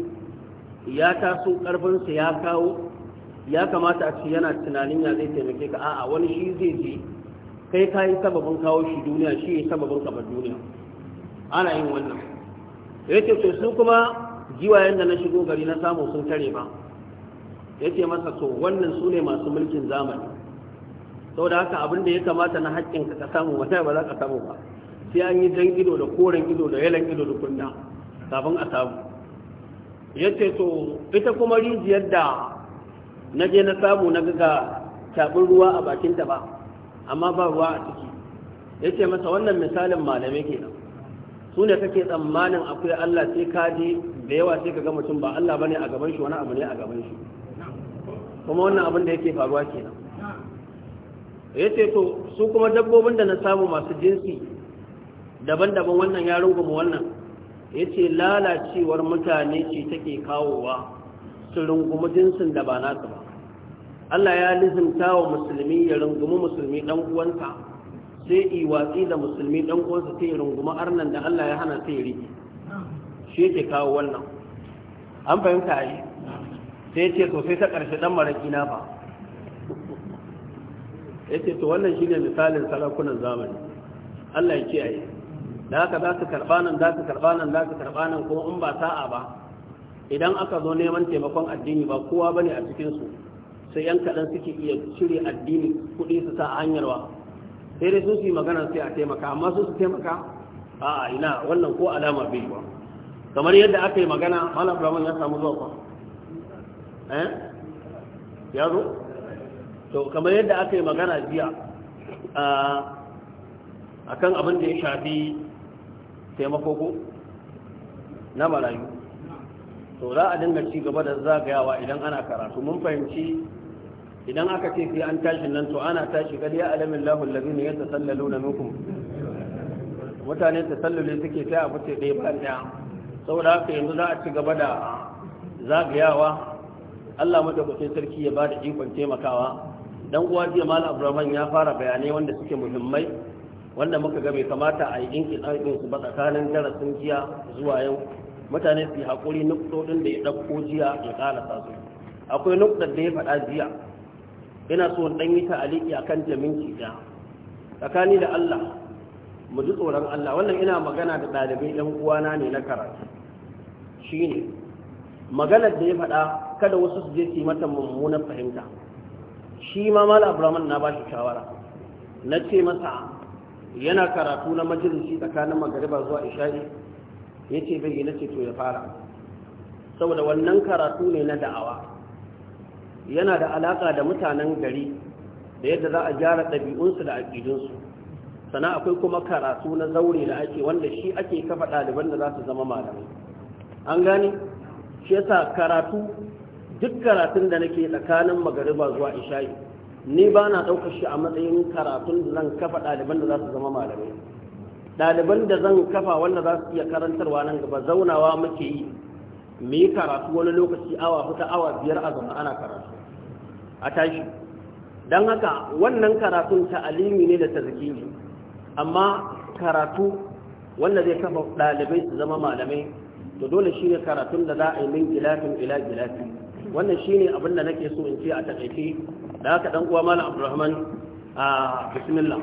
ya taso ƙarfinsa ya kawo ya kamata a ce yana tunanin ya zai taimake ka a'a wani shi zai je kai ka yi sababin kawo shi duniya shi ya sababin kamar duniya ana yin wannan ce to su kuma giwayen da na shigo gari na samu sun tare ba ce masa to wannan su ne masu mulkin zamani Sau da haka abin da ya kamata na haƙƙin ka samu wata ba za ka samu ba sai an yi jan ido da koren ido da yalan ido da kunna kafin a samu ce to ita kuma rijiyar da na je na samu na ga tabin ruwa a bakin ta ba amma ba ruwa a ciki Ya ce masa wannan misalin malamai kenan su ne kake tsammanin akwai Allah sai ka ji da yawa sai ka ga mutum ba Allah bane a gaban shi wani abu ne a gaban shi kuma wannan abin da yake faruwa kenan ce to su kuma dabbobin da na samu masu jinsi daban-daban wannan ya runguma wannan ya ce lalacewar mutane ce take kawowa su rungumi jinsin da ba nasu ba Allah ya lizimta wa musulmi ya rungumi musulmi dan uwansa sai i watsi da musulmi dan uwansa yi runguma arnan da Allah ya hana yi riki shi ke kawo wannan an fahimta yi sai ce to sai ta karshe dan maraki na fa ce to wannan shine misalin sarakunan zamani Allah ya kiyaye da haka za su karɓa nan za su karɓa nan za su karɓa nan kuma in ba sa'a ba idan aka zo neman taimakon addini ba kowa bane a cikin su sai yan kaɗan suke iya cire addini kuɗi su sa hanyar wa sai dai su su yi magana sai a taimaka amma su su taimaka a ina wannan ko alama bai ba kamar yadda aka yi magana mana rahman ya samu zuwa eh ya zo to kamar yadda aka yi magana jiya a kan abin da ya shafi taimako ko na marayu to za a dinga ci gaba da zagayawa idan ana karatu mun fahimci idan aka ce sai an tashi nan to ana tashi kad ya alamin lahu allazina yatasallaluna minkum mutane tasallule suke sai a fice ɗaya ba ɗaya saboda haka yanzu za a ci gaba da zagayawa Allah madaukakin sarki ya bada ikon taimakawa dan uwa jiya malam Abdurrahman ya fara bayanai wanda suke muhimmai wanda muka ga bai kamata a yi dinki ɗaukin su ba tsakanin darasin jiya zuwa yau mutane su yi haƙuri nuktodin da ya ɗauko jiya ya ƙalasa su akwai nuktar da ya faɗa jiya ina so in dan yi ta'aliki akan jaminci da tsakani da Allah mu ji tsoron Allah wannan ina magana da ɗalibai ɗan uwana ne na karatu shine maganar da ya faɗa kada wasu su je su yi mata mummunan fahimta shi ma Malam abraman na ba shi shawara na ce masa yana karatu na majalisi tsakanin magariba zuwa isha'i ya ce bai na ce to ya fara saboda wannan karatu ne na da'awa yana da alaƙa da mutanen gari da yadda za a gyara ɗabi'unsu da aƙidunsu sana akwai kuma karatu na zaure da ake wanda shi ake kafa ɗaliban da za su zama malamai an gane shi yasa karatu duk karatun da nake tsakanin magariba zuwa ishayi ni ba na ɗaukar shi a matsayin karatun da zan kafa ɗaliban da za su zama malamai ɗaliban da zan kafa wanda za su iya karantarwa nan gaba zaunawa muke yi mu yi karatu wani lokaci awa huta awa biyar a zama ana karatu a tashi don haka wannan karatun ta'alimi ne da tazkiri amma karatu wanda zai kafa ɗalibai su zama malamai to dole shi ne karatun da za a yi min gilafin ila gilafi wannan shine ne da nake so in ce a takaice da haka dan uwa malam abdulrahman a bismillah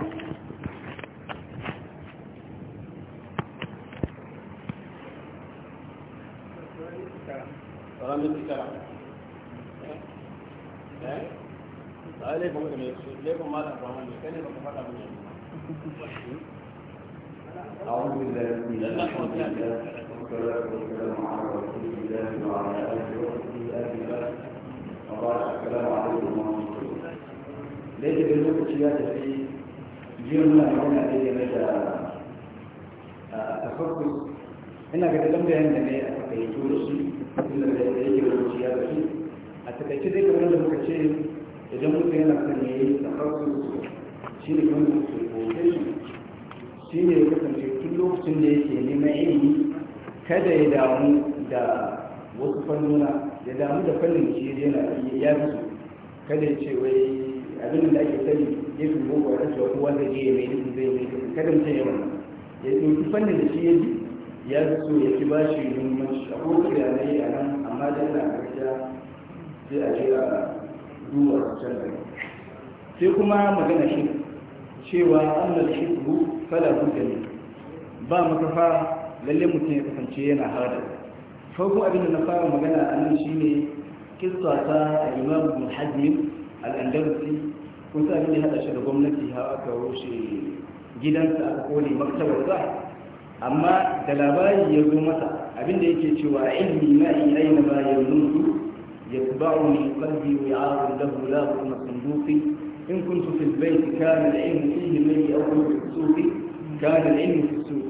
a laifin da mai laifin malam kwanan mai kai ne baka faɗa mun yanzu أعوذ بالله من الشيطان الرجيم والصلاة والسلام على رسول الله وعلى آله وصحبه أجمعين وبارك السلام عليكم ورحمة الله ليس بالوقت يا تفي جيرنا هنا إلى مدى التخصص هنا قد لم يهمنا أن يكون رسل إلا بأن يجب الوقت يا تفي takaice dai kamar da muka ce idan mutum yana kan ya yi da harsu shi ne kan consultation shi ne ya kasance tun lokacin da yake neman ilimi kada ya damu da wasu fannuna ya damu da fannin shi yana ya fi su kada ya ce wai abin da ake sani ya fi boko ya rasa wani wanda je ya mai nufin zai mai nufin kada mutum ya wannan ya ɗauki fannin da shi ya ji ya so ya fi ba shi muhimmanci a kowace yanayi a nan amma da yana karshe sai a ce a duwar wancan gari sai kuma magana shi cewa allah shi ku fala ku gani ba makafa lalle mutum ya kasance yana hada farko abin da na fara magana a nan shine kissa ta imam bin hajmin kun sa ne hada shi da gwamnati hawa aka rushe gidansa a kone maktabar za amma da labari ya zo masa abinda yake cewa ilmi ma in aina bayan yanzu يتبعني قلبي وعار له لا بطن صندوقي إن كنت في البيت كان العلم فيه مني أو في السوق كان العلم في السوق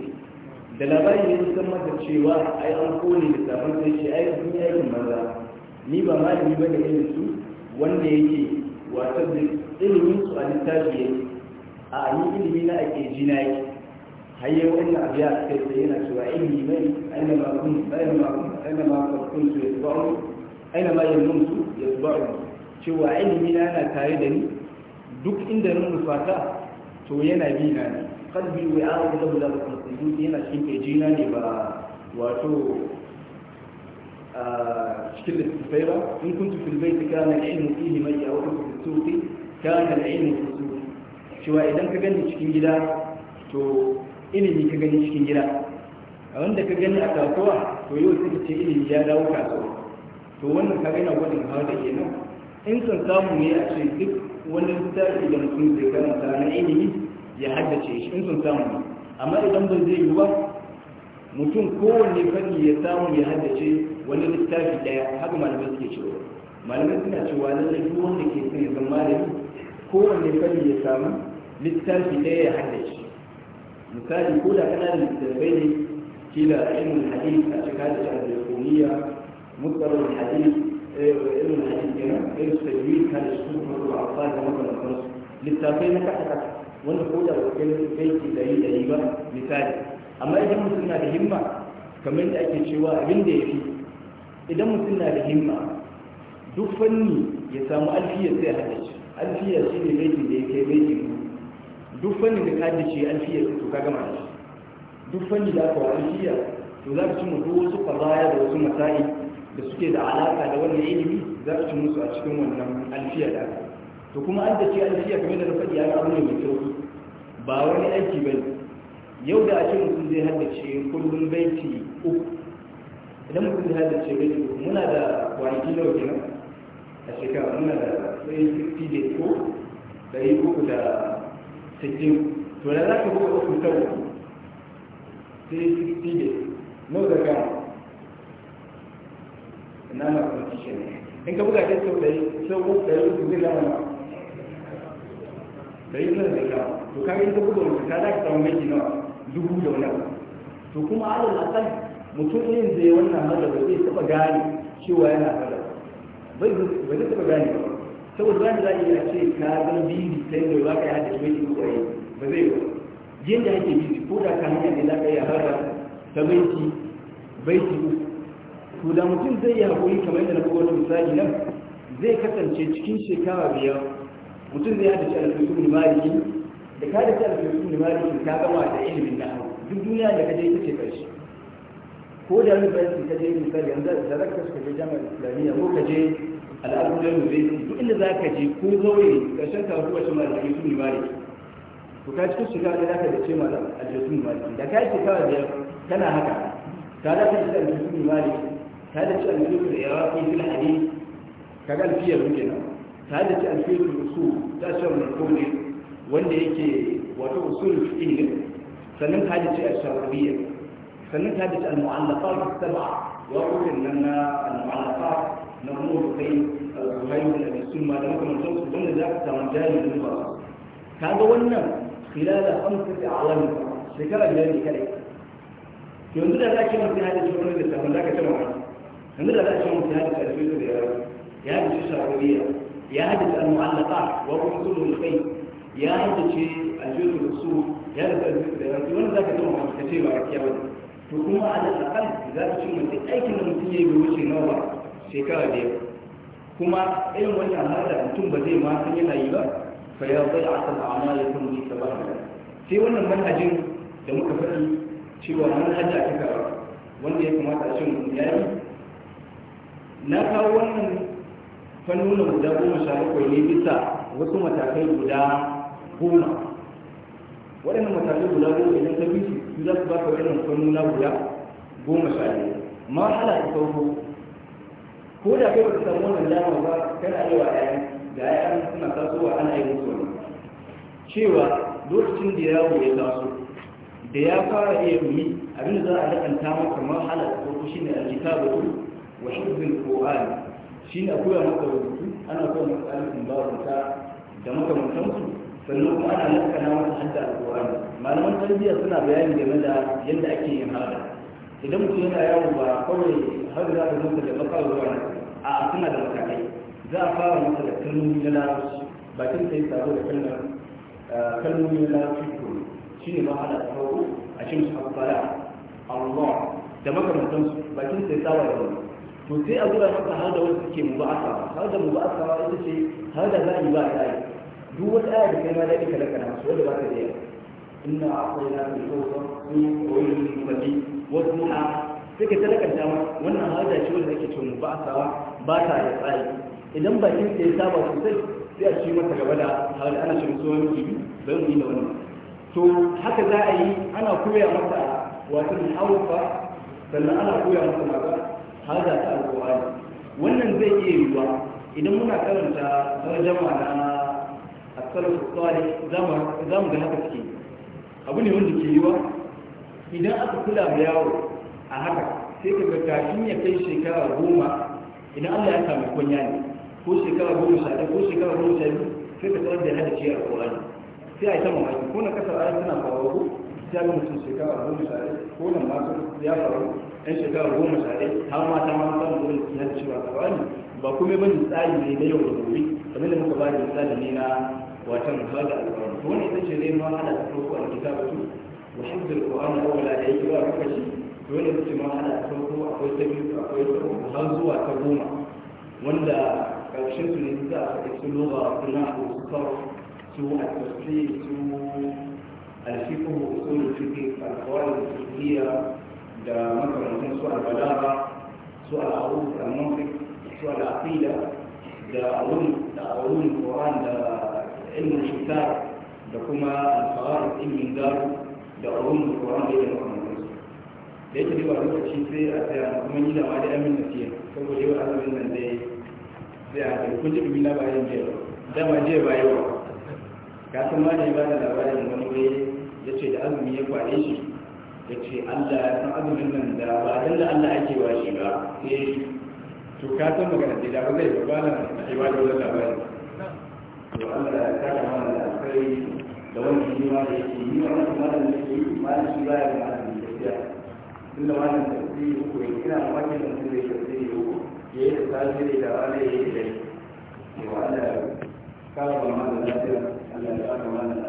da labari ne sun masa cewa ai an kone da sabon sai shi ai sun yi maza ni ba malami ba da irin su wanda yake wata da ilimin su a littafi ya a ni ilimi na ake ji na yake hayye wannan abu ya kai sai yana cewa ilimi mai aina ma kun aina ma kun aina ma kun su ya tsawon aina ma yin numtu ya zubaru cewa ilimi na yana tare da ni duk inda na nufata to yana bi na ne kalbi wa ya abu da bula da kuma yana cikin keji na ne ba wato cikin da littattafai ba in kuntu fil baiti kana ilmu fihi mai ya wato fil suqi kana ilmu fil suqi cewa idan ka gani cikin gida to ilimi ka gani cikin gida a wanda ka gani a kasuwa to yau suka ce ilimi ya dawo kasuwa to wannan kare na gwajin har da ke nan in sun samu ne a ce duk wani littafi da mutum zai karanta na ilimi ya haddace shi in sun samu ne amma idan ba zai yi ba mutum kowanne fanni ya samu ya haddace wani littafi daya haka malamai suke cewa malamai suna cewa lallai duk wanda ke son ya zama malami kowanne fanni ya samu littafi daya ya haddace misali ko da kana da littattafai ne kila ilmin hadisi a cikin da jihar da مقبل الحديث irin الحديث هنا irin su كان kan su kuma alfa da makamantar su littafai na kasa kasa wanda ko da wajen aiki da yi da ba misali amma idan mutum na da himma kamar da ake cewa ya fi idan na da himma duk fanni ya samu alfiya sai hada shi alfiya shi ne da ya kai baiti duk fanni da ka dace alfiya to ka gama shi duk fanni da aka alfiya to za ka ci mutu wasu da wasu masa'i da suke da alaka da wannan ilimi za su ci musu a cikin wannan alfiya da to kuma an da ce alfiya kamar da na faɗi ya abu ne mai sauƙi ba wani aiki ba yau da a ce mutum zai haddace kullum baiti uku idan mutum zai haddace baiti uku muna da kwanaki nawa kenan a shekara muna da tsayin 60 days ko ɗari uku da sittin to da za ka kuka uku ta uku sai 60 days nawa da gama na na competition in ka buga ta sau ɗari sau ɗari uku zai gama ma ɗari uku zai gama to ka yi ta buga wata ta za ka samu mai nawa dubu da wani to kuma alal mutum zai wannan hada ba zai taɓa gane cewa yana hada ba zai taɓa gane ba saboda ba za a iya ce ka zama bibi ta yadda ba ka yi hada mai dubu ba zai ba yadda ake bibi ko da ka hanyar ne za ka iya hada ta bai baiti uku to da mutum zai yi haƙuri kamar yadda na buga wani misali nan zai kasance cikin shekara biyar mutum zai haɗa shi a ne da ka da shi da ne da ka gama da ilimin na duk duniya da ka je ita ce ƙarshe ko da mu bayan ka je misali yanzu da zaka ka je jami'ar islamiyya ko ka je al'adun mu zai duk inda za ka je ko zaure ƙarshen ka ruwa shi maliki su ne maliki to ka cikin shekara da ka da ce malam a ne maliki da ka yi shekara biyar tana haka ka da ka ji alfisu ne maliki ta da ci alfiyatul iraqi fil ka ga alfiyar muke nan ta da ci da usul ta shirin alkoli wanda yake wato usul fiqh sannan ta da ci al-sharabiyya sannan ta da ci al-mu'allaqat as-sab'a wa qulna lana al-mu'allaqat na umur kai al-zuhayr da sun sunna da kuma sauran wanda za ka samu jami'in da ba ga wannan khilala khamsati a'lam shekara biyar ne kadai, yanzu da za yi zaki mutum hadisi wannan da sabon zaka tabbata yanzu da zai cewa ya da karfi da ya ya da shafariya ya da al-mu'allaqa wa usulul kai ya da ce al da su ya da karfi da ya wanda zaka cewa ka ce ba kiya ba to kuma a da akan za ka ce mutum aikin da mutum ya yi wuce nawa shekara da yawa kuma irin wannan har da mutum ba zai ma san yana yi ba fa ya bai a san amana ya kuma yi ta ba sai wannan manhajin da muka faɗi cewa manhaja ta wanda ya kamata a ce mutum ya yi na kawo wannan fannunan guda goma sha bakwai ne bisa wasu matakai guda goma waɗannan matakai guda goma idan ka bisu su za su baka waɗannan fannuna guda goma sha biyu ma hala ta sauko ko da kai baka samu wannan dama ba kana yi wa ƴaƴan da ƴaƴan suna tasowa ana yi musu wani cewa lokacin da yawo ya taso da ya fara iya rumi abinda za a dakanta maka ma ala ta a shine ba batu wa hizbul qur'an shine a koya maka rubutu ana koya maka alifin ba rubuta da makamantansu sannan kuma ana lakana masa hadda alqur'ani malaman tarbiyya suna bayani game da yadda ake yin idan mutum yana yawo ba kawai har za ka masa da makarwa a suna da matakai za a fara masa da kalmomi na larabci bakin sai sabo da kalmar eh, kalmomi na larabci ko shi ne mahala ta hau a cikin allah da bakin sai sabo da wani to sai a gura maka har da wanda suke mubasa har da mubasa wa ita ce har da za'i ba ta yi duk wata aya da kai ma da ka lakana su wanda ba ta da yawa inna a'tayna fil kawthar fi qawlin mubin wa duha suka talakanta ma wannan har da ce wanda ake ce mubasa ba ta da tsari idan bakin sai saba sosai sai a ci mata gaba da har da ana shirin so wani jibi bai mu yi da wannan to haka za a yi ana koya masa wato haufa sannan ana koya masa magana haza ta alƙur'ani wannan zai iya yiwuwa idan muna karanta tarjama na asalin tsari za mu ga haka suke abu ne wanda ke yiwuwa idan aka kula da yawo a haka sai ka ga kafin ya kai shekara goma idan allah ya samu kwanya ne ko shekara goma sha ɗaya ko shekara goma sha biyu sai ka tsara da ya hada ciyar alƙur'ani sai a yi ta mamaki ko na kasar ayat suna faruwa sai ga mutum shekara goma sha ɗaya ko nan ma ya faru ɗan shekara goma sha ɗaya har ma ta ma mu gurin tsinar cewa kawai ba kuma bane tsari ne na yau da gobe kamar da muka ba da misali ne na watan har da alƙawari to wani ita ce ne ma ana ta farko a kita ba su wa hifzul qur'ani wa la yake ba to wani ita ce ma ana ta farko akwai ta biyu akwai ta uku har zuwa ta goma wanda ƙarshen su ne za a faɗi su lura su na su sarf su a tasiri su alfiƙo su ne fiƙe alƙawarin su da makarantar su a balagha su a aruf al-mantiq su a aqida da ulum da ulum Qur'an da ilmin shitar da kuma al ilmin garu da ulum koran da ilmu da yake da lokaci sai a tsaya na kuma yi da ma da yamin nasiya saboda yau a azumin nan dai sai a kai kun ji dumi na bayan jiya dama jiya ba yau ka san ma da ne ba da labarin wani wai ya ce da azumi ya kwaɗe shi ya ce Allah ya san azumin nan da ba dan da Allah ake ba shi ba sai eh, to ka san magana da ba zai ba na ake ba da wannan labari to Allah ya saka mana da alkhairi da wani shi da yake yi wannan kuma da yake yi ma shi ba ya ma da ya tun da wannan tafsiri ko ina mamakin da mutum zai tafsiri ko ya yi tasiri da wani ya yi da shi to Allah ya kama mana da lafiya Allah ya saka mana